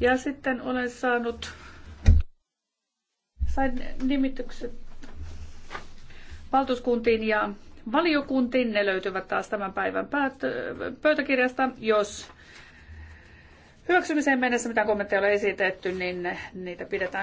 Ja sitten olen saanut, sain nimitykset valtuuskuntiin ja valiokuntiin. Ne löytyvät taas tämän päivän pöytäkirjasta. Jos hyväksymiseen mennessä mitään kommentteja ei ole esitetty, niin niitä pidetään